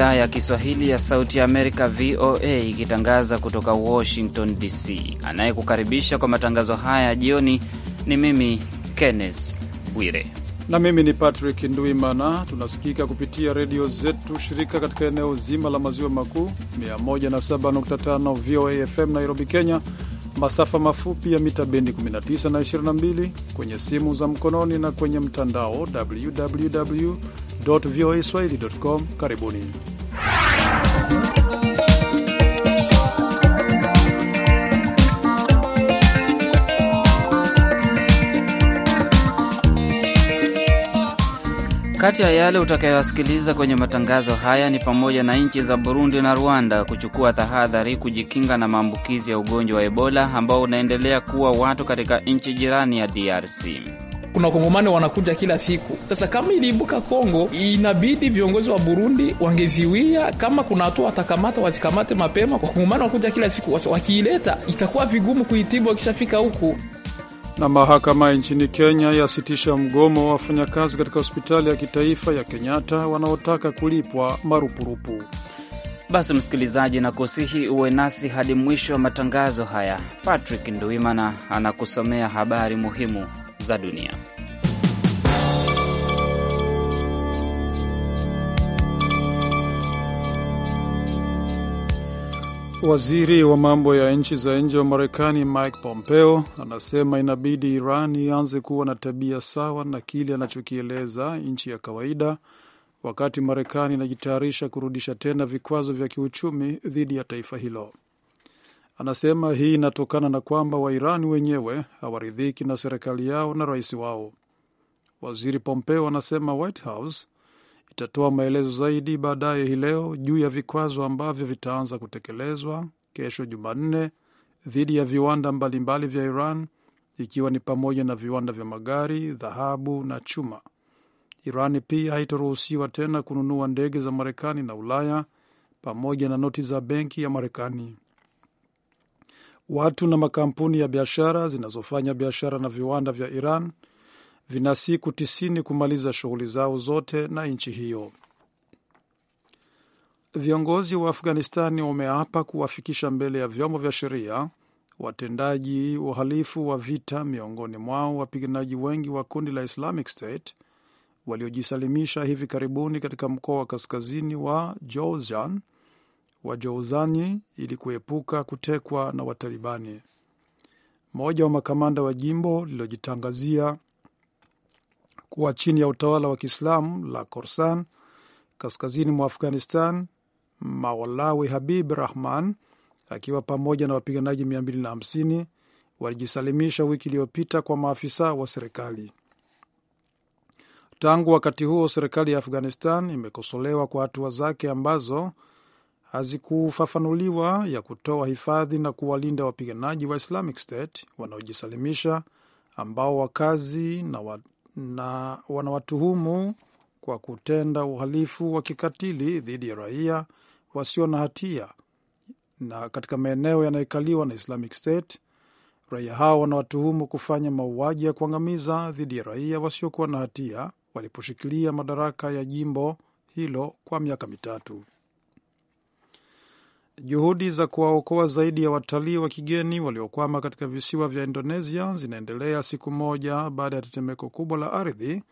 idhaa ya Kiswahili ya Sauti ya Amerika, VOA, ikitangaza kutoka Washington DC. Anayekukaribisha kwa matangazo haya ya jioni ni mimi Kenneth Bwire na mimi ni Patrick Nduimana. Tunasikika kupitia redio zetu shirika katika eneo zima la maziwa makuu, 107.5 VOA FM Nairobi, Kenya, masafa mafupi ya mita bendi 19 na 22, kwenye simu za mkononi na kwenye mtandao www voa swahili.com. Karibuni. Kati ya yale utakayoyasikiliza kwenye matangazo haya ni pamoja na nchi za Burundi na Rwanda kuchukua tahadhari kujikinga na maambukizi ya ugonjwa wa Ebola ambao unaendelea kuwa watu katika nchi jirani ya DRC. Kuna wakongomani wanakuja kila siku. Sasa kama iliibuka Kongo, inabidi viongozi wa Burundi wangeziwia. Kama kuna hatua watakamata, wazikamate mapema. Wakongomani wanakuja kila siku, wakiileta itakuwa vigumu kuitibu wakishafika huku. Na mahakama nchini Kenya yasitisha mgomo wa wafanyakazi katika hospitali ya kitaifa ya Kenyatta wanaotaka kulipwa marupurupu. Basi msikilizaji, na kusihi uwe nasi hadi mwisho wa matangazo haya. Patrick Nduimana anakusomea habari muhimu za dunia. Waziri wa mambo ya nchi za nje wa Marekani Mike Pompeo anasema inabidi Iran ianze kuwa na tabia sawa na kile anachokieleza nchi ya kawaida, wakati Marekani inajitayarisha kurudisha tena vikwazo vya kiuchumi dhidi ya taifa hilo. Anasema hii inatokana na kwamba Wairani wenyewe hawaridhiki na serikali yao na rais wao. Waziri Pompeo anasema White House itatoa maelezo zaidi baadaye hii leo juu ya vikwazo ambavyo vitaanza kutekelezwa kesho Jumanne dhidi ya viwanda mbalimbali vya Iran ikiwa ni pamoja na viwanda vya magari, dhahabu na chuma. iran pia haitaruhusiwa tena kununua ndege za Marekani na Ulaya pamoja na noti za benki ya Marekani. Watu na makampuni ya biashara zinazofanya biashara na viwanda vya Iran vina siku tisini kumaliza shughuli zao zote na nchi hiyo. Viongozi wa Afghanistani wameapa kuwafikisha mbele ya vyombo vya sheria watendaji uhalifu wa vita, miongoni mwao wapiganaji wengi wa kundi la Islamic State waliojisalimisha hivi karibuni katika mkoa wa kaskazini wa Jozan wa Jouzani ili kuepuka kutekwa na Watalibani. Mmoja wa makamanda wa jimbo lililojitangazia kuwa chini ya utawala wa Kiislamu la Khorasan kaskazini mwa Afghanistan, Maulawi Habib Rahman akiwa pamoja na wapiganaji 250 walijisalimisha wiki iliyopita kwa maafisa wa serikali. Tangu wakati huo, serikali ya Afghanistan imekosolewa kwa hatua zake ambazo hazikufafanuliwa ya kutoa hifadhi na kuwalinda wapiganaji wa Islamic State wanaojisalimisha ambao wakazi na, wa, na wanawatuhumu kwa kutenda uhalifu wa kikatili dhidi ya raia wasio na hatia na katika maeneo yanayokaliwa na Islamic State. Raia hao wanawatuhumu kufanya mauaji ya kuangamiza dhidi ya raia wasiokuwa na hatia waliposhikilia madaraka ya jimbo hilo kwa miaka mitatu. Juhudi za kuwaokoa zaidi ya watalii wa kigeni waliokwama katika visiwa vya Indonesia zinaendelea siku moja baada ya tetemeko kubwa la ardhi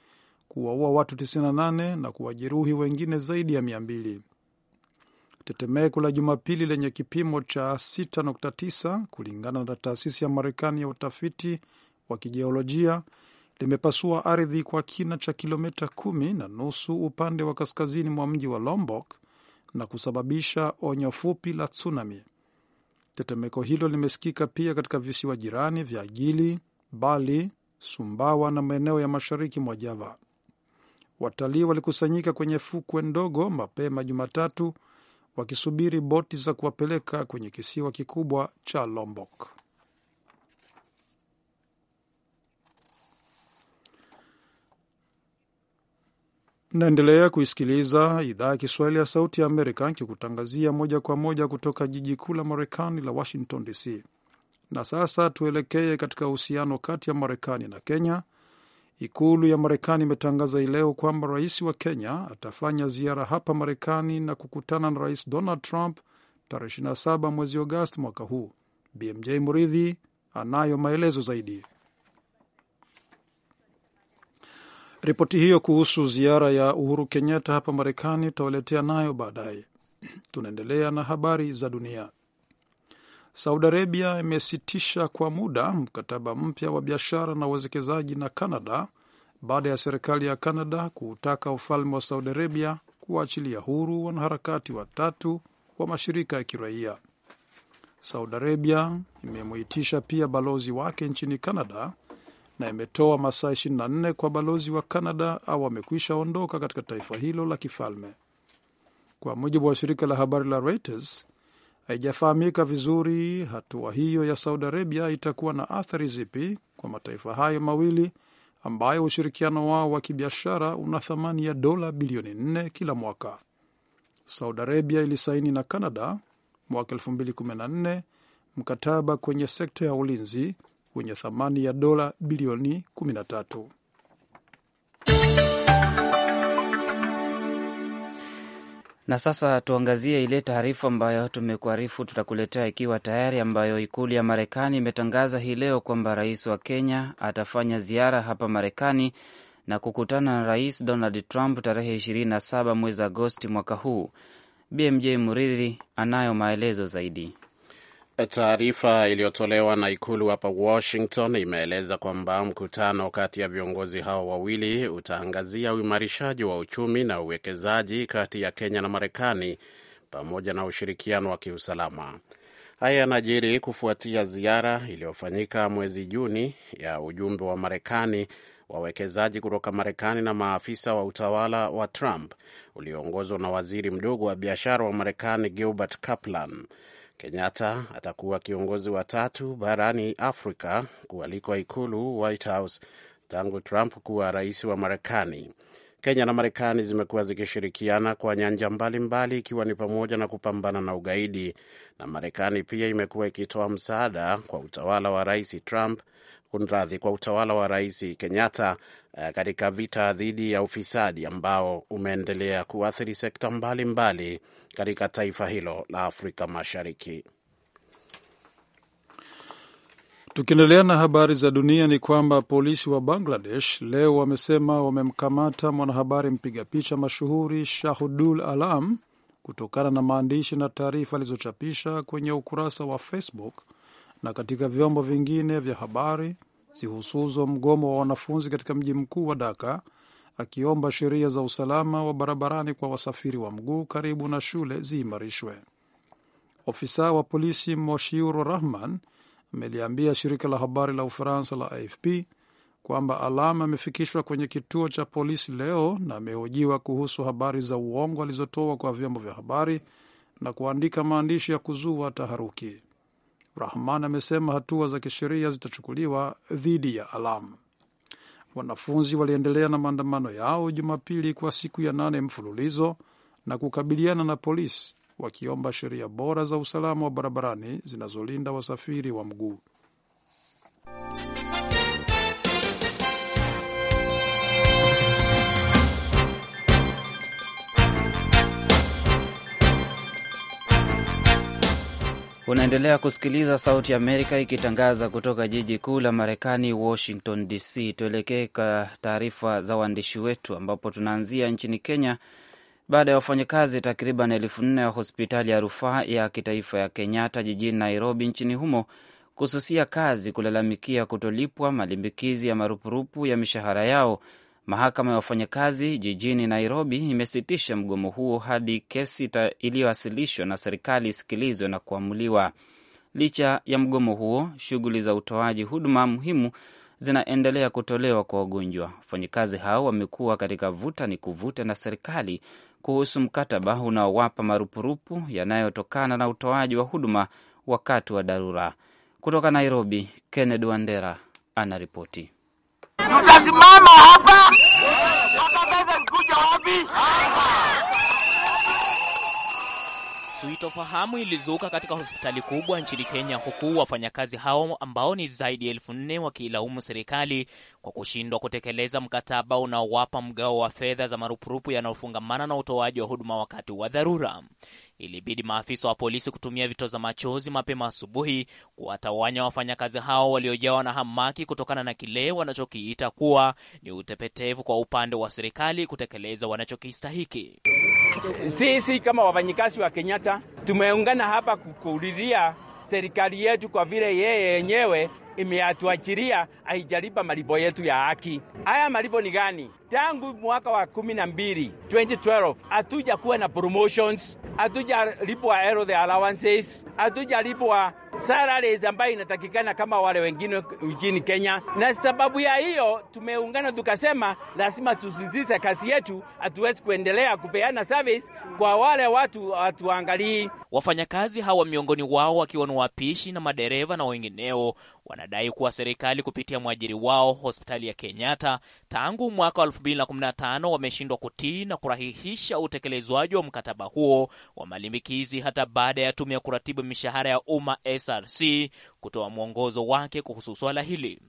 kuwaua watu 98 na kuwajeruhi wengine zaidi ya 200. Tetemeko la Jumapili lenye kipimo cha 6.9 kulingana na taasisi ya Marekani ya utafiti wa kijiolojia limepasua ardhi kwa kina cha kilomita kumi na nusu upande wa kaskazini mwa mji wa Lombok na kusababisha onyo fupi la tsunami. Tetemeko hilo limesikika pia katika visiwa jirani vya Gili, Bali, Sumbawa na maeneo ya mashariki mwa Java. Watalii walikusanyika kwenye fukwe ndogo mapema Jumatatu wakisubiri boti za kuwapeleka kwenye kisiwa kikubwa cha Lombok. Mnaendelea kuisikiliza idhaa ya Kiswahili ya Sauti ya Amerika kikutangazia moja kwa moja kutoka jiji kuu la Marekani la Washington DC. Na sasa tuelekee katika uhusiano kati ya Marekani na Kenya. Ikulu ya Marekani imetangaza hileo leo kwamba rais wa Kenya atafanya ziara hapa Marekani na kukutana na Rais Donald Trump tarehe 27 mwezi Agosti mwaka huu. BMJ Muridhi anayo maelezo zaidi. Ripoti hiyo kuhusu ziara ya Uhuru Kenyatta hapa Marekani tutawaletea nayo baadaye. Tunaendelea na habari za dunia. Saudi Arabia imesitisha kwa muda mkataba mpya wa biashara na uwezekezaji na Canada baada ya serikali ya Canada kuutaka ufalme wa Saudi Arabia kuwaachilia huru wanaharakati watatu wa mashirika ya kiraia. Saudi Arabia imemwitisha pia balozi wake nchini Canada na imetoa masaa 24 kwa balozi wa Canada au amekwisha ondoka katika taifa hilo la kifalme. Kwa mujibu wa shirika la habari la Reuters, haijafahamika vizuri hatua hiyo ya Saudi Arabia itakuwa na athari zipi kwa mataifa hayo mawili ambayo ushirikiano wao wa kibiashara una thamani ya dola bilioni 4 kila mwaka. Saudi Arabia ilisaini na Canada mwaka 2014 mkataba kwenye sekta ya ulinzi wenye thamani ya dola bilioni 13. Na sasa tuangazie ile taarifa ambayo tumekuarifu tutakuletea ikiwa tayari, ambayo ikulu ya Marekani imetangaza hii leo kwamba rais wa Kenya atafanya ziara hapa Marekani na kukutana na rais Donald Trump tarehe 27 mwezi Agosti mwaka huu. BMJ Muridhi anayo maelezo zaidi. E, taarifa iliyotolewa na ikulu hapa Washington imeeleza kwamba mkutano kati ya viongozi hao wawili utaangazia uimarishaji wa uchumi na uwekezaji kati ya Kenya na Marekani pamoja na ushirikiano wa kiusalama. Haya yanajiri kufuatia ziara iliyofanyika mwezi Juni ya ujumbe wa Marekani wawekezaji kutoka Marekani na maafisa wa utawala wa Trump ulioongozwa na waziri mdogo wa biashara wa Marekani Gilbert Kaplan. Kenyatta atakuwa kiongozi wa tatu barani Afrika kualikwa ikulu White House tangu Trump kuwa rais wa Marekani. Kenya na Marekani zimekuwa zikishirikiana kwa nyanja mbalimbali, ikiwa ni pamoja na kupambana na ugaidi, na Marekani pia imekuwa ikitoa msaada kwa utawala wa rais Trump kunradhi, kwa utawala wa Rais Kenyatta eh, katika vita dhidi ya ufisadi ambao umeendelea kuathiri sekta mbalimbali katika taifa hilo la Afrika Mashariki. Tukiendelea na habari za dunia ni kwamba polisi wa Bangladesh leo wamesema wamemkamata mwanahabari mpiga picha mashuhuri Shahudul Alam kutokana na maandishi na taarifa alizochapisha kwenye ukurasa wa Facebook na katika vyombo vingine vya habari zihusuzo mgomo wa wanafunzi katika mji mkuu wa Dhaka, akiomba sheria za usalama wa barabarani kwa wasafiri wa mguu karibu na shule ziimarishwe. Ofisa wa polisi Moshiuro Rahman ameliambia shirika la habari la Ufaransa la AFP kwamba Alama amefikishwa kwenye kituo cha polisi leo na amehojiwa kuhusu habari za uongo alizotoa kwa vyombo vya habari na kuandika maandishi ya kuzua taharuki. Rahman amesema hatua za kisheria zitachukuliwa dhidi ya Alam. Wanafunzi waliendelea na maandamano yao Jumapili kwa siku ya nane mfululizo na kukabiliana na polisi wakiomba sheria bora za usalama wa barabarani zinazolinda wasafiri wa mguu. Unaendelea kusikiliza Sauti Amerika ikitangaza kutoka jiji kuu la Marekani, Washington DC. Tuelekee kwa taarifa za waandishi wetu, ambapo tunaanzia nchini Kenya baada ya wafanyakazi takriban elfu nne wa hospitali ya rufaa ya kitaifa ya Kenyatta jijini Nairobi nchini humo kususia kazi kulalamikia kutolipwa malimbikizi ya marupurupu ya mishahara yao Mahakama ya wafanyakazi jijini Nairobi imesitisha mgomo huo hadi kesi iliyowasilishwa na serikali isikilizwe na kuamuliwa. Licha ya mgomo huo, shughuli za utoaji huduma muhimu zinaendelea kutolewa kwa wagonjwa. Wafanyakazi hao wamekuwa katika vuta ni kuvuta na serikali kuhusu mkataba unaowapa marupurupu yanayotokana na utoaji wa huduma wakati wa dharura. Kutoka Nairobi, Kennedy Wandera anaripoti. Tutasimama hapa mpaka pesa ikuja wapi? Suitofahamu ilizuka katika hospitali kubwa nchini Kenya, huku wafanyakazi hao ambao ni zaidi ya elfu nne wakiilaumu serikali kwa kushindwa kutekeleza mkataba unaowapa mgao wa fedha za marupurupu yanayofungamana na utoaji wa huduma wakati wa dharura. Ilibidi maafisa wa polisi kutumia vitoza machozi mapema asubuhi kuwatawanya wafanyakazi hao waliojawa na hamaki kutokana na kile wanachokiita kuwa ni utepetevu kwa upande wa serikali kutekeleza wanachokistahiki. Sisi kama wafanyikazi wa Kenyatta tumeungana hapa kukulilia serikali yetu kwa vile yeye yenyewe imeatuachiria haijalipa malipo yetu ya haki. Haya malipo ni gani? Tangu mwaka wa kumi na mbili 2012 hatuja kuwa na promotions, hatuja lipwa health allowances, hatuja lipwa salaries ambayo inatakikana kama wale wengine nchini Kenya. Na sababu ya hiyo tumeungana tukasema, lazima tusisitize kazi yetu, hatuwezi kuendelea kupeana service kwa wale watu hatuangalii. Wafanyakazi hawa miongoni wao wakiwa ni wapishi na madereva na wengineo wanadai kuwa serikali kupitia mwajiri wao hospitali ya Kenyatta tangu mwaka 2015 wameshindwa kutii na kurahihisha utekelezwaji wa mkataba huo wa malimbikizi hata baada ya tume ya kuratibu mishahara ya umma SRC kutoa mwongozo wake kuhusu swala hili.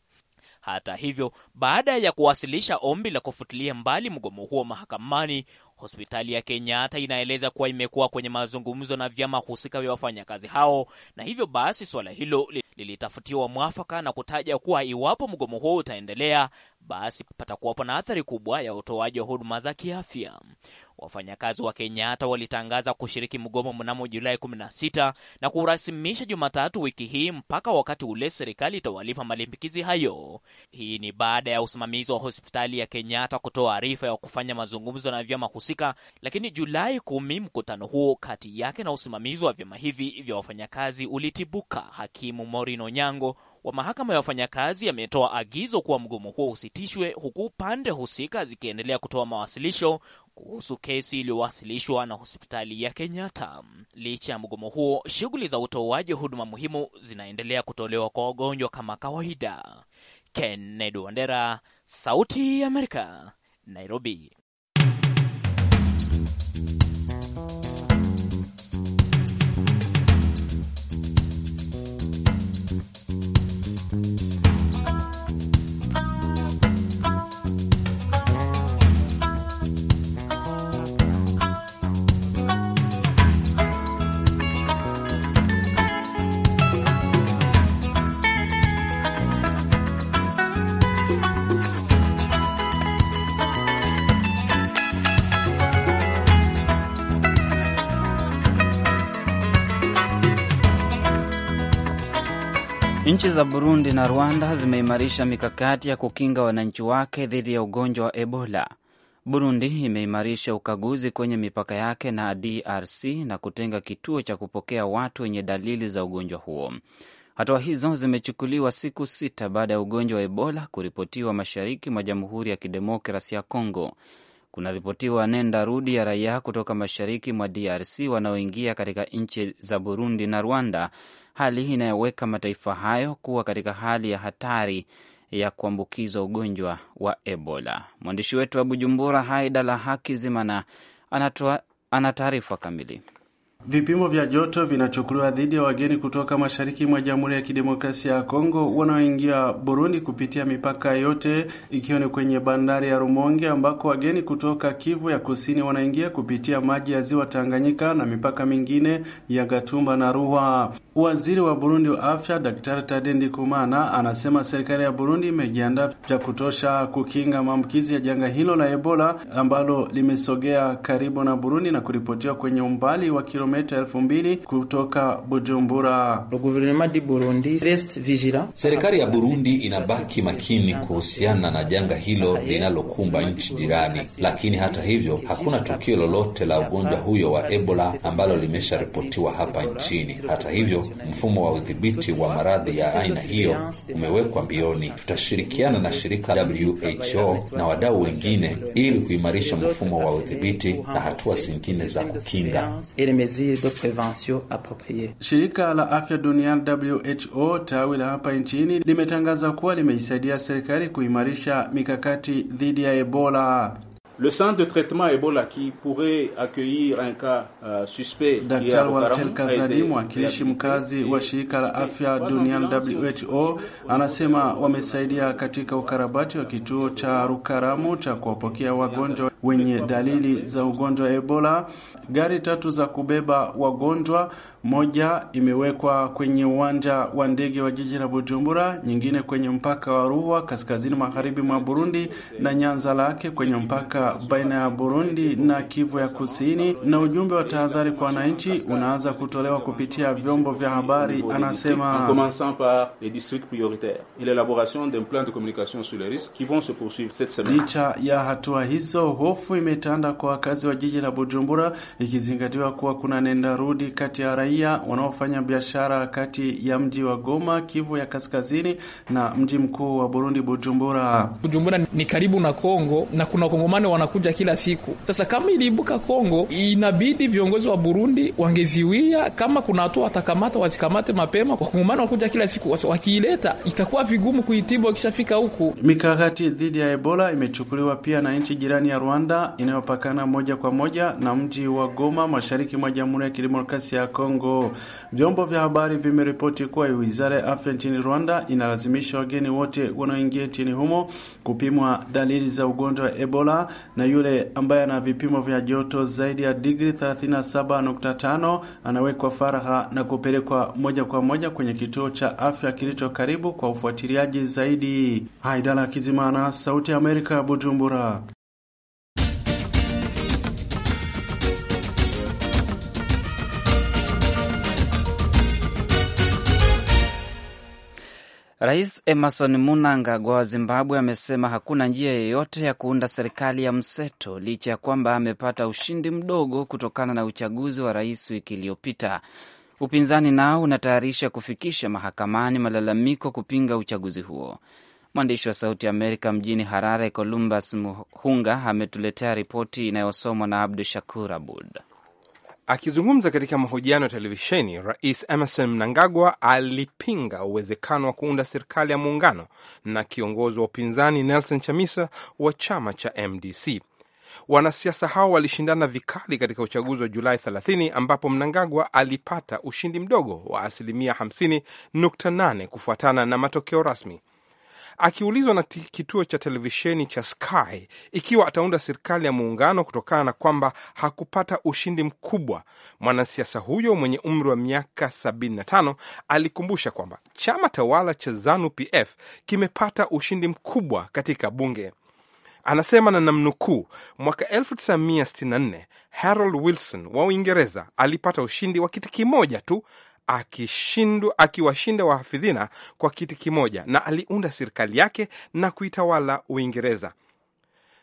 Hata hivyo, baada ya kuwasilisha ombi la kufutilia mbali mgomo huo mahakamani, Hospitali ya Kenyatta inaeleza kuwa imekuwa kwenye mazungumzo na vyama husika vya wafanyakazi hao, na hivyo basi suala hilo lilitafutiwa mwafaka na kutaja kuwa iwapo mgomo huo utaendelea, basi patakuwapo na athari kubwa ya utoaji wa huduma za kiafya. Wafanyakazi wa Kenyatta walitangaza kushiriki mgomo mnamo Julai 16 na kurasimisha Jumatatu wiki hii mpaka wakati ule serikali itawalipa malimbikizi hayo. Hii ni baada ya usimamizi wa hospitali ya Kenyatta kutoa arifa ya kufanya mazungumzo na vyama husika husika, lakini Julai kumi mkutano huo kati yake na usimamizi wa vyama hivi vya wafanyakazi ulitibuka. Hakimu Morino Nyango wa mahakama ya wafanyakazi ametoa agizo kuwa mgomo huo usitishwe, huku pande husika zikiendelea kutoa mawasilisho kuhusu kesi iliyowasilishwa na hospitali ya Kenyatta. Licha ya mgomo huo, shughuli za utoaji huduma muhimu zinaendelea kutolewa kwa wagonjwa kama kawaida. Kennedy Wandera, Sauti ya Amerika, Nairobi. Nchi za Burundi na Rwanda zimeimarisha mikakati ya kukinga wananchi wake dhidi ya ugonjwa wa Ebola. Burundi imeimarisha ukaguzi kwenye mipaka yake na DRC na kutenga kituo cha kupokea watu wenye dalili za ugonjwa huo. Hatua hizo zimechukuliwa siku sita baada ya ugonjwa wa Ebola kuripotiwa mashariki mwa Jamhuri ya Kidemokrasi ya congo Kunaripotiwa nenda rudi ya raia kutoka mashariki mwa DRC wanaoingia katika nchi za Burundi na Rwanda hali inayoweka mataifa hayo kuwa katika hali ya hatari ya kuambukizwa ugonjwa wa Ebola. Mwandishi wetu wa Bujumbura, Haida la Hakizimana, anatoa ana taarifa kamili. Vipimo vya joto vinachukuliwa dhidi ya wageni kutoka mashariki mwa Jamhuri ya Kidemokrasia ya Kongo wanaoingia Burundi kupitia mipaka yote ikiwa ni kwenye bandari ya Rumonge ambako wageni kutoka Kivu ya Kusini wanaingia kupitia maji ya Ziwa Tanganyika na mipaka mingine ya Gatumba na Ruhwa. Waziri wa Burundi wa Afya Daktari Tadendi Kumana anasema serikali ya Burundi imejiandaa vya kutosha kukinga maambukizi ya janga hilo la Ebola ambalo limesogea karibu na Burundi na kuripotiwa kwenye umbali wa kilo kilomita elfu mbili kutoka Bujumbura. Serikali ya Burundi inabaki makini kuhusiana na janga hilo linalokumba nchi jirani, lakini hata hivyo hakuna tukio lolote la ugonjwa huyo wa Ebola ambalo limesharipotiwa hapa nchini. Hata hivyo, mfumo wa udhibiti wa maradhi ya aina hiyo umewekwa mbioni. Tutashirikiana na shirika WHO na wadau wengine ili kuimarisha mfumo wa udhibiti na hatua zingine za kukinga mesures de prévention appropriées. Shirika la afya duniani WHO tawi la hapa nchini limetangaza kuwa limeisaidia serikali kuimarisha mikakati dhidi ya Ebola. Le centre de traitement Ebola qui pourrait accueillir un cas uh, suspect. Dr. Walter Kazadi, mwakilishi mkazi wa shirika la afya duniani WHO, anasema wamesaidia katika ukarabati wa kituo cha Rukaramu cha kuwapokea wagonjwa wenye dalili za ugonjwa wa Ebola. Gari tatu za kubeba wagonjwa moja imewekwa kwenye uwanja wa ndege wa jiji la Bujumbura, nyingine kwenye mpaka wa Ruhwa kaskazini magharibi mwa Burundi na Nyanza Lake kwenye mpaka baina ya Burundi na Kivu ya Kusini, na ujumbe wa tahadhari kwa wananchi unaanza kutolewa kupitia vyombo vya habari, anasema licha ya hatua hizo, hofu imetanda kwa wakazi wa jiji la Bujumbura, ikizingatiwa kuwa kuna nenda rudi kati ya raia wanaofanya biashara kati ya mji wa Goma, Kivu ya Kaskazini, na mji mkuu wa Burundi, Bujumbura. Bujumbura ni karibu na Kongo na kuna wakongomani wanakuja kila siku. Sasa kama iliibuka Kongo, inabidi viongozi wa Burundi wangeziwia, kama kuna hatua watakamata wazikamate mapema. Wakongomani wanakuja kila siku, wakiileta itakuwa vigumu kuitibu wakishafika huku. Mikakati dhidi ya Ebola imechukuliwa pia na nchi jirani ya Rwanda inayopakana moja kwa moja na mji wa Goma, mashariki mwa Jamhuri ya Kidemokrasia ya Kongo. Kongo. Vyombo vya habari vimeripoti kuwa wizara ya afya nchini Rwanda inalazimisha wageni wote wanaoingia nchini humo kupimwa dalili za ugonjwa wa Ebola, na yule ambaye ana vipimo vya joto zaidi ya digri 37.5 anawekwa faragha na kupelekwa moja kwa moja kwenye kituo cha afya kilicho karibu kwa ufuatiliaji zaidi. Haidala Kizimana, Sauti ya Amerika, Bujumbura. Rais Emerson gwa wa Zimbabwe amesema hakuna njia yeyote ya kuunda serikali ya mseto licha ya kwamba amepata ushindi mdogo kutokana na uchaguzi wa rais wiki iliyopita. Upinzani nao unatayarisha kufikisha mahakamani malalamiko kupinga uchaguzi huo. Mwandishi wa Sauti ya Amerika mjini Harare, Columbus Muhunga ametuletea ripoti inayosomwa na Abdu Shakur Abud. Akizungumza katika mahojiano ya televisheni, Rais Emerson Mnangagwa alipinga uwezekano wa kuunda serikali ya muungano na kiongozi wa upinzani Nelson Chamisa wa chama cha MDC. Wanasiasa hao walishindana vikali katika uchaguzi wa Julai 30 ambapo Mnangagwa alipata ushindi mdogo wa asilimia 50.8 kufuatana na matokeo rasmi. Akiulizwa na kituo cha televisheni cha Sky ikiwa ataunda serikali ya muungano kutokana na kwamba hakupata ushindi mkubwa, mwanasiasa huyo mwenye umri wa miaka 75 alikumbusha kwamba chama tawala cha ZANU-PF kimepata ushindi mkubwa katika bunge. Anasema na namnukuu, mwaka 1964 Harold Wilson wa Uingereza alipata ushindi wa kiti kimoja tu akiwashinda wahafidhina kwa kiti kimoja, na aliunda serikali yake na kuitawala Uingereza.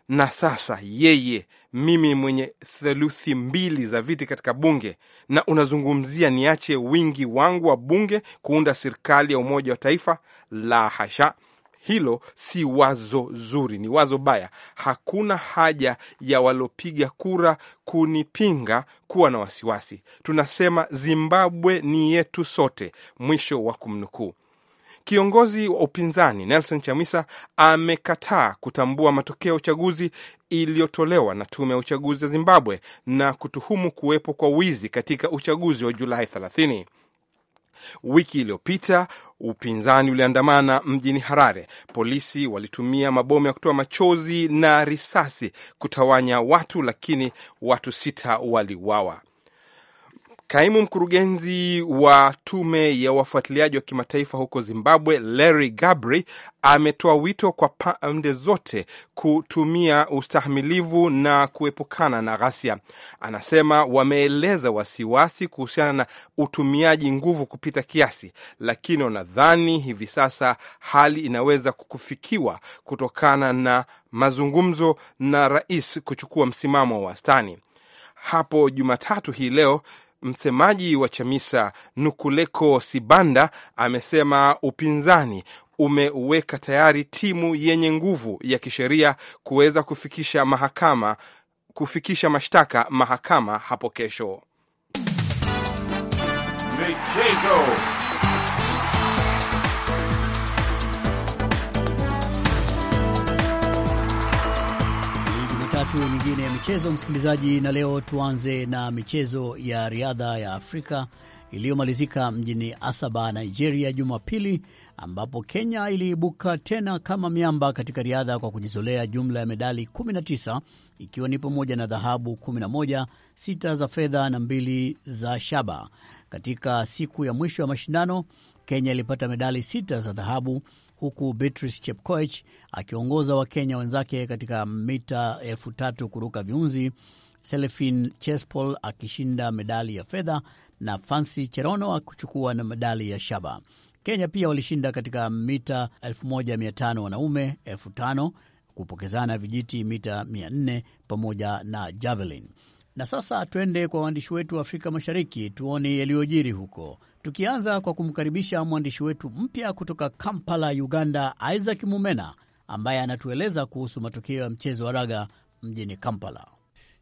Na sasa yeye, mimi mwenye theluthi mbili za viti katika bunge, na unazungumzia niache wingi wangu wa bunge kuunda serikali ya umoja wa taifa? La hasha! Hilo si wazo zuri, ni wazo baya. Hakuna haja ya waliopiga kura kunipinga kuwa na wasiwasi. Tunasema Zimbabwe ni yetu sote, mwisho wa kumnukuu. Kiongozi wa upinzani Nelson Chamisa amekataa kutambua matokeo ya uchaguzi iliyotolewa na tume ya uchaguzi ya Zimbabwe na kutuhumu kuwepo kwa wizi katika uchaguzi wa Julai 30. Wiki iliyopita upinzani uliandamana mjini Harare. Polisi walitumia mabomu ya kutoa machozi na risasi kutawanya watu, lakini watu sita waliuawa. Kaimu mkurugenzi wa tume ya wafuatiliaji wa kimataifa huko Zimbabwe, Larry Gabri, ametoa wito kwa pande zote kutumia ustahimilivu na kuepukana na ghasia. Anasema wameeleza wasiwasi kuhusiana na utumiaji nguvu kupita kiasi, lakini wanadhani hivi sasa hali inaweza kufikiwa kutokana na mazungumzo na rais kuchukua msimamo wa wastani. Hapo Jumatatu hii leo Msemaji wa Chamisa Nukuleko Sibanda amesema upinzani umeweka tayari timu yenye nguvu ya kisheria kuweza kufikisha mahakama kufikisha mashtaka mahakama hapo kesho. Michezo. Jumatatu nyingine ya michezo, msikilizaji, na leo tuanze na michezo ya riadha ya Afrika iliyomalizika mjini Asaba, Nigeria, Jumapili, ambapo Kenya iliibuka tena kama miamba katika riadha kwa kujizolea jumla ya medali 19 ikiwa ni pamoja na dhahabu 11, sita za fedha na mbili za shaba. Katika siku ya mwisho ya mashindano, Kenya ilipata medali sita za dhahabu huku Beatrice Chepkoech akiongoza Wakenya wenzake katika mita elfu tatu kuruka viunzi, Selefin Chespol akishinda medali ya fedha na Fancy Cherono akuchukua na medali ya shaba. Kenya pia walishinda katika mita 1500 wanaume, 5000 kupokezana vijiti mita 400 pamoja na javelin. Na sasa twende kwa waandishi wetu wa Afrika Mashariki tuone yaliyojiri huko tukianza kwa kumkaribisha mwandishi wetu mpya kutoka Kampala, Uganda, Isaac Mumena ambaye anatueleza kuhusu matokeo ya mchezo wa raga mjini Kampala.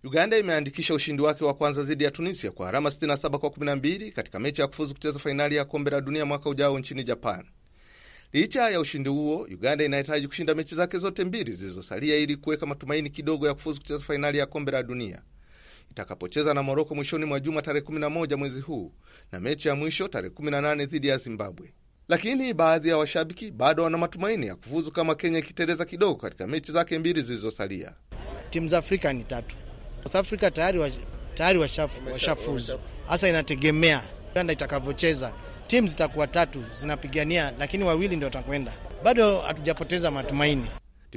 Uganda imeandikisha ushindi wake wa kwanza dhidi ya Tunisia kwa alama 67 kwa 12 katika mechi ya kufuzu kucheza fainali ya kombe la dunia mwaka ujao nchini Japan. Licha ya ushindi huo, Uganda inahitaji kushinda mechi zake zote mbili zilizosalia ili kuweka matumaini kidogo ya kufuzu kucheza fainali ya kombe la dunia itakapocheza na Moroko mwishoni mwa juma tarehe 11 mwezi huu na mechi ya mwisho tarehe 18 dhidi ya Zimbabwe. Lakini baadhi ya washabiki bado wana matumaini ya kufuzu kama Kenya ikiteleza kidogo katika mechi zake mbili zilizosalia. Timu za Afrika ni tatu. South Africa tayari tayari washafuzu wa hasa, inategemea Uganda itakavyocheza. Timu zitakuwa tatu zinapigania, lakini wawili ndio watakwenda. Bado hatujapoteza matumaini.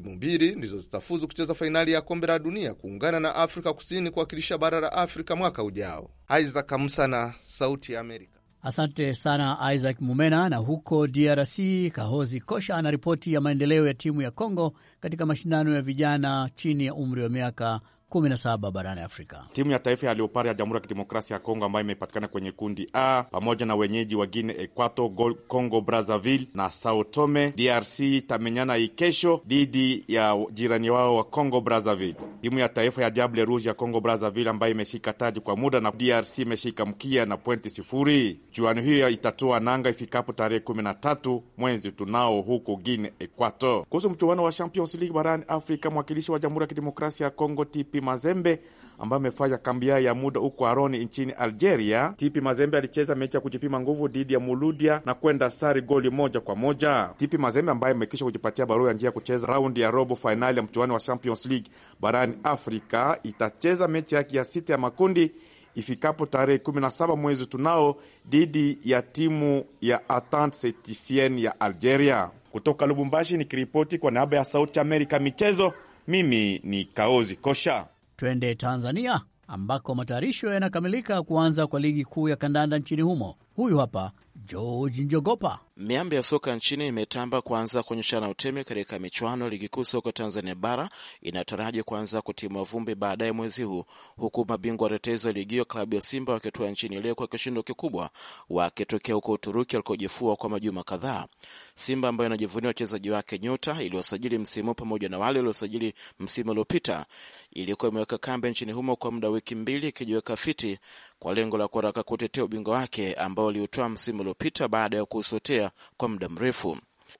Timu mbili ndizo zitafuzu kucheza fainali ya kombe la dunia kuungana na Afrika Kusini kuwakilisha bara la Afrika mwaka ujao. Isaac Kamsa na Sauti ya Amerika. Asante sana Isaac Mumena. Na huko DRC, Kahozi Kosha ana ripoti ya maendeleo ya timu ya congo katika mashindano ya vijana chini ya umri wa miaka 17 barani Afrika. Timu ya taifa ya Leopard ya Jamhuri ya Kidemokrasia ya Kongo ambayo imepatikana kwenye kundi A pamoja na wenyeji wa Guine Equato, Congo Brazzaville na Sao Tome, DRC itamenyana ikesho dhidi ya jirani wao wa Congo Brazzaville. Timu ya taifa ya Diable Rouge ya Congo Brazzaville ambayo imeshika taji kwa muda na DRC imeshika mkia na pointi sifuri. Juani hiyo itatoa nanga ifikapo tarehe 13 mwezi tunao huko Guine Equato. Kuhusu mchuano wa Champions League barani Afrika, mwakilishi wa Jamhuri ya Kidemokrasia ya Kongo TP Tipi Mazembe ambaye amefanya kambi yao ya muda huko Aroni nchini Algeria. Tipi Mazembe alicheza mechi ya kujipima nguvu dhidi ya Muludia na kwenda sare goli moja kwa moja. Tipi Mazembe ambaye amekisha kujipatia barua ya njia ya kucheza raundi ya robo fainali ya mchuani wa Champions League barani Afrika itacheza mechi yake ya sita ya makundi ifikapo tarehe 17 mwezi tunao dhidi ya timu ya Entente Setifien ya Algeria. Kutoka Lubumbashi ni kiripoti kwa niaba ya Sauti Amerika michezo. Mimi ni Kaozi Kosha. Twende Tanzania ambako matayarisho yanakamilika kuanza kwa ligi kuu ya kandanda nchini humo. Huyu hapa George Njogopa. Miambi ya soka nchini imetamba kuanza kuonyeshana utemi katika michuano ligi kuu soka Tanzania bara inataraji kuanza kutimua vumbi baadaye mwezi huu, huku mabingwa watetezi wa ligi hiyo klabu ya Simba wakitua nchini leo kwa kishindo kikubwa, wakitokea huko Uturuki walikojifua kwa majuma kadhaa. Simba ambayo inajivunia wachezaji wake nyota iliyosajili msimu pamoja na wale waliosajili msimu uliopita, ilikuwa imeweka kambi nchini humo kwa muda wiki mbili ikijiweka fiti kwa lengo la kuharaka kutetea ubingwa wake ambao aliutoa msimu uliopita baada ya kuusotea kwa muda mrefu.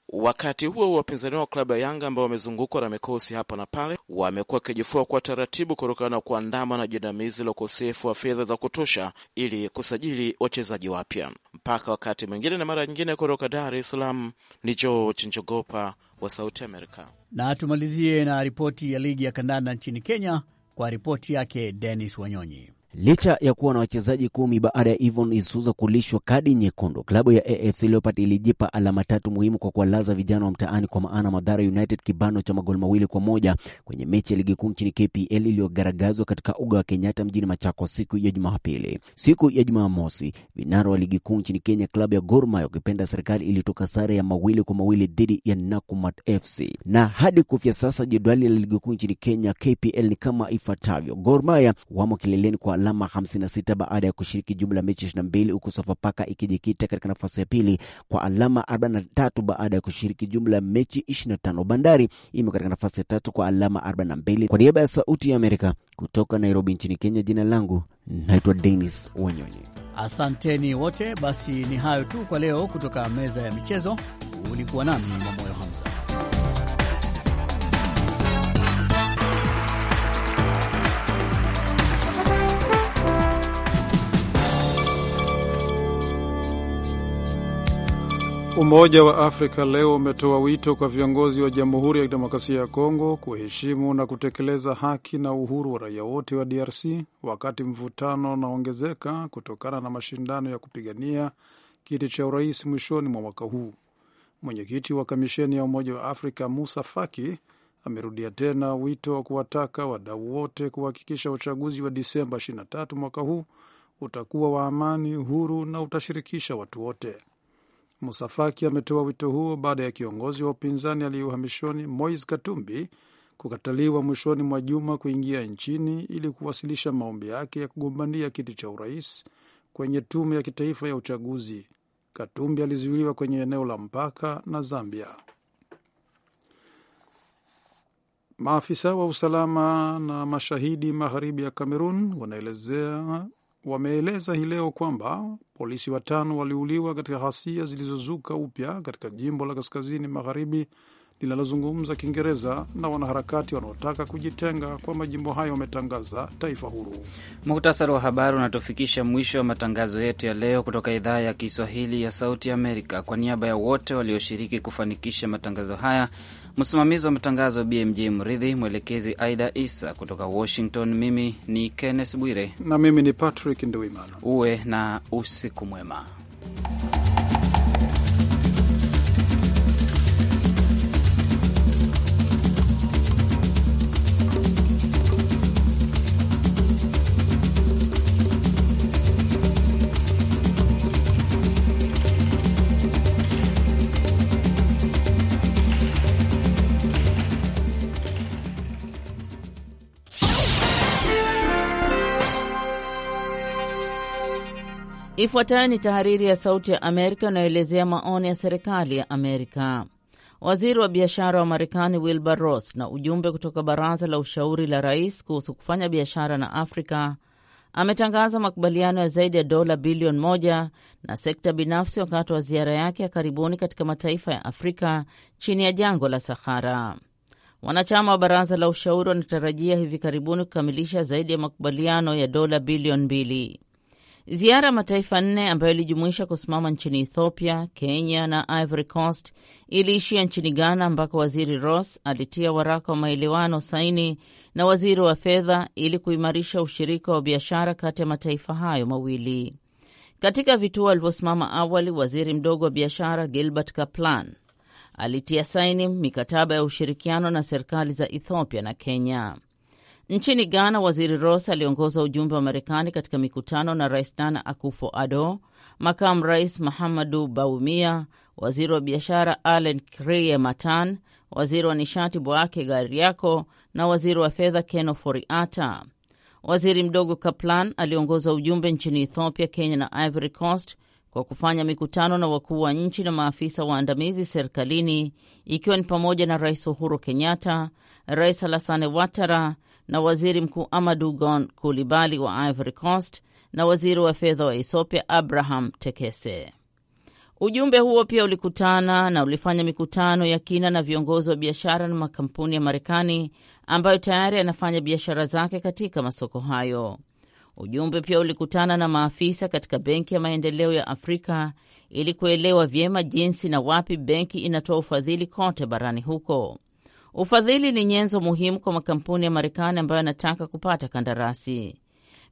Wakati huo wapinzani wa klabu ya Yanga ambao wamezungukwa na mikosi hapa na pale, wamekuwa wakijifua kwa taratibu kutokana na kuandama na jinamizi la ukosefu wa fedha za kutosha ili kusajili wachezaji wapya. Mpaka wakati mwingine na mara nyingine, kutoka Dar es Salaam ni George Njogopa wa Sauti Amerika. Na tumalizie na ripoti ya ligi ya kandanda nchini Kenya kwa ripoti yake Dennis Wanyonyi. Licha ya kuwa na wachezaji kumi baada ya Ivon Isuza kulishwa kadi nyekundu, klabu ya AFC Leopards ilijipa alama tatu muhimu kwa kuwalaza vijana wa mtaani kwa maana Madhara United kibano cha magoli mawili kwa moja kwenye mechi ya ligi kuu nchini KPL iliyogaragazwa katika uga wa Kenyatta mjini Machako siku ya Jumapili. Siku ya Jumamosi, vinara wa ligi kuu nchini Kenya, klabu ya Gor Mahia ukipenda serikali, ilitoka sare ya mawili kwa mawili dhidi ya Nakumat FC, na hadi kufya sasa jedwali la ligi kuu nchini Kenya KPL ni kama ifuatavyo: Gor Mahia wamo kileleni kwa alama 56 baada ya kushiriki jumla mechi 22 huku Sofapaka ikijikita katika nafasi ya pili kwa alama 43 baada ya kushiriki jumla ya mechi 25. Bandari imo katika nafasi ya tatu kwa alama 42. Kwa niaba ya Sauti ya Amerika kutoka Nairobi nchini Kenya, jina langu naitwa Denis Wanyonyi. Asanteni wote. Basi ni hayo tu kwa leo kutoka meza ya michezo. Ulikuwa nami Mwamoyo Hamza. Umoja wa Afrika leo umetoa wito kwa viongozi wa Jamhuri ya Kidemokrasia ya Kongo kuheshimu na kutekeleza haki na uhuru wa raia wote wa DRC wakati mvutano unaongezeka kutokana na mashindano ya kupigania kiti cha urais mwishoni mwa mwaka huu. Mwenyekiti wa kamisheni ya Umoja wa Afrika Musa Faki amerudia tena wito wa kuwataka wadau wote kuhakikisha uchaguzi wa Disemba 23 mwaka huu utakuwa wa amani, huru na utashirikisha watu wote. Musafaki ametoa wito huo baada ya kiongozi wa upinzani aliye uhamishoni Moise Katumbi kukataliwa mwishoni mwa juma kuingia nchini ili kuwasilisha maombi yake ya kugombania kiti cha urais kwenye tume ya kitaifa ya uchaguzi. Katumbi alizuiliwa kwenye eneo la mpaka na Zambia. Maafisa wa usalama na mashahidi magharibi ya Kamerun wanaelezea wameeleza hii leo kwamba polisi watano waliuliwa katika ghasia zilizozuka upya katika jimbo la kaskazini magharibi linalozungumza Kiingereza na wanaharakati wanaotaka kujitenga kwa majimbo hayo wametangaza taifa huru. Muhtasari wa habari unatufikisha mwisho wa matangazo yetu ya leo kutoka idhaa ya Kiswahili ya Sauti Amerika. Kwa niaba ya wote walioshiriki kufanikisha matangazo haya, msimamizi wa matangazo BMJ Mridhi, mwelekezi Aida Isa kutoka Washington, mimi ni Kenneth Bwire na mimi ni Patrick Nduimana. Uwe na usiku mwema. Ifuatayo ni tahariri ya Sauti ya Amerika inayoelezea maoni ya serikali ya Amerika. Waziri wa biashara wa Marekani Wilbur Ross na ujumbe kutoka baraza la ushauri la rais kuhusu kufanya biashara na Afrika ametangaza makubaliano ya zaidi ya dola bilioni moja na sekta binafsi wakati wa ziara yake ya karibuni katika mataifa ya Afrika chini ya jangwa la Sahara. Wanachama wa baraza la ushauri wanatarajia hivi karibuni kukamilisha zaidi ya makubaliano ya dola bilioni mbili. Ziara ya mataifa nne ambayo ilijumuisha kusimama nchini Ethiopia, Kenya na Ivory Coast iliishia nchini Ghana, ambako waziri Ross alitia waraka wa maelewano saini na waziri wa fedha ili kuimarisha ushirika wa biashara kati ya mataifa hayo mawili. Katika vituo alivyosimama awali, waziri mdogo wa biashara Gilbert Kaplan alitia saini mikataba ya ushirikiano na serikali za Ethiopia na Kenya. Nchini Ghana, waziri Ross aliongoza ujumbe wa Marekani katika mikutano na rais Nana Akufo Ado, makamu rais Mahamadu Baumia, waziri wa biashara Allen Krie Matan, waziri wa nishati Boake Gariako na waziri wa fedha Keno Foriata. Waziri mdogo Kaplan aliongoza ujumbe nchini Ethiopia, Kenya na Ivory Coast kwa kufanya mikutano na wakuu wa nchi na maafisa waandamizi serikalini, ikiwa ni pamoja na Rais Uhuru Kenyatta, Rais Alassane Ouattara na waziri mkuu Amadu Gon Kulibali wa Ivory Coast na waziri wa fedha wa Ethiopia Abraham Tekese. Ujumbe huo pia ulikutana na ulifanya mikutano ya kina na viongozi wa biashara na makampuni ya Marekani ambayo tayari yanafanya biashara zake katika masoko hayo. Ujumbe pia ulikutana na maafisa katika Benki ya Maendeleo ya Afrika ili kuelewa vyema jinsi na wapi benki inatoa ufadhili kote barani huko. Ufadhili ni nyenzo muhimu kwa makampuni ya Marekani ambayo yanataka kupata kandarasi.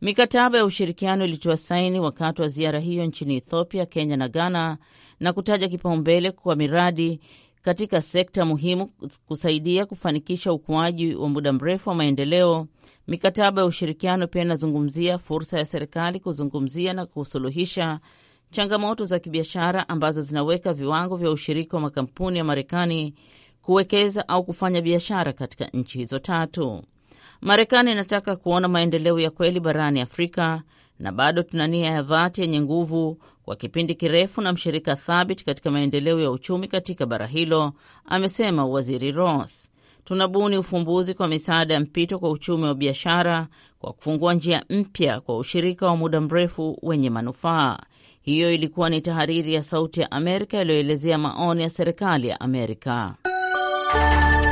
Mikataba ya ushirikiano ilitoa saini wakati wa ziara hiyo nchini Ethiopia, Kenya na Ghana na kutaja kipaumbele kwa miradi katika sekta muhimu kusaidia kufanikisha ukuaji wa muda mrefu wa maendeleo. Mikataba ya ushirikiano pia inazungumzia fursa ya serikali kuzungumzia na kusuluhisha changamoto za kibiashara ambazo zinaweka viwango vya ushiriki wa makampuni ya Marekani kuwekeza au kufanya biashara katika nchi hizo tatu. Marekani inataka kuona maendeleo ya kweli barani Afrika na bado tuna nia ya dhati yenye nguvu kwa kipindi kirefu na mshirika thabiti katika maendeleo ya uchumi katika bara hilo, amesema Waziri Ross. Tunabuni ufumbuzi kwa misaada ya mpito kwa uchumi wa biashara kwa kufungua njia mpya kwa ushirika wa muda mrefu wenye manufaa. Hiyo ilikuwa ni tahariri ya Sauti ya Amerika iliyoelezea maoni ya serikali ya Amerika. Música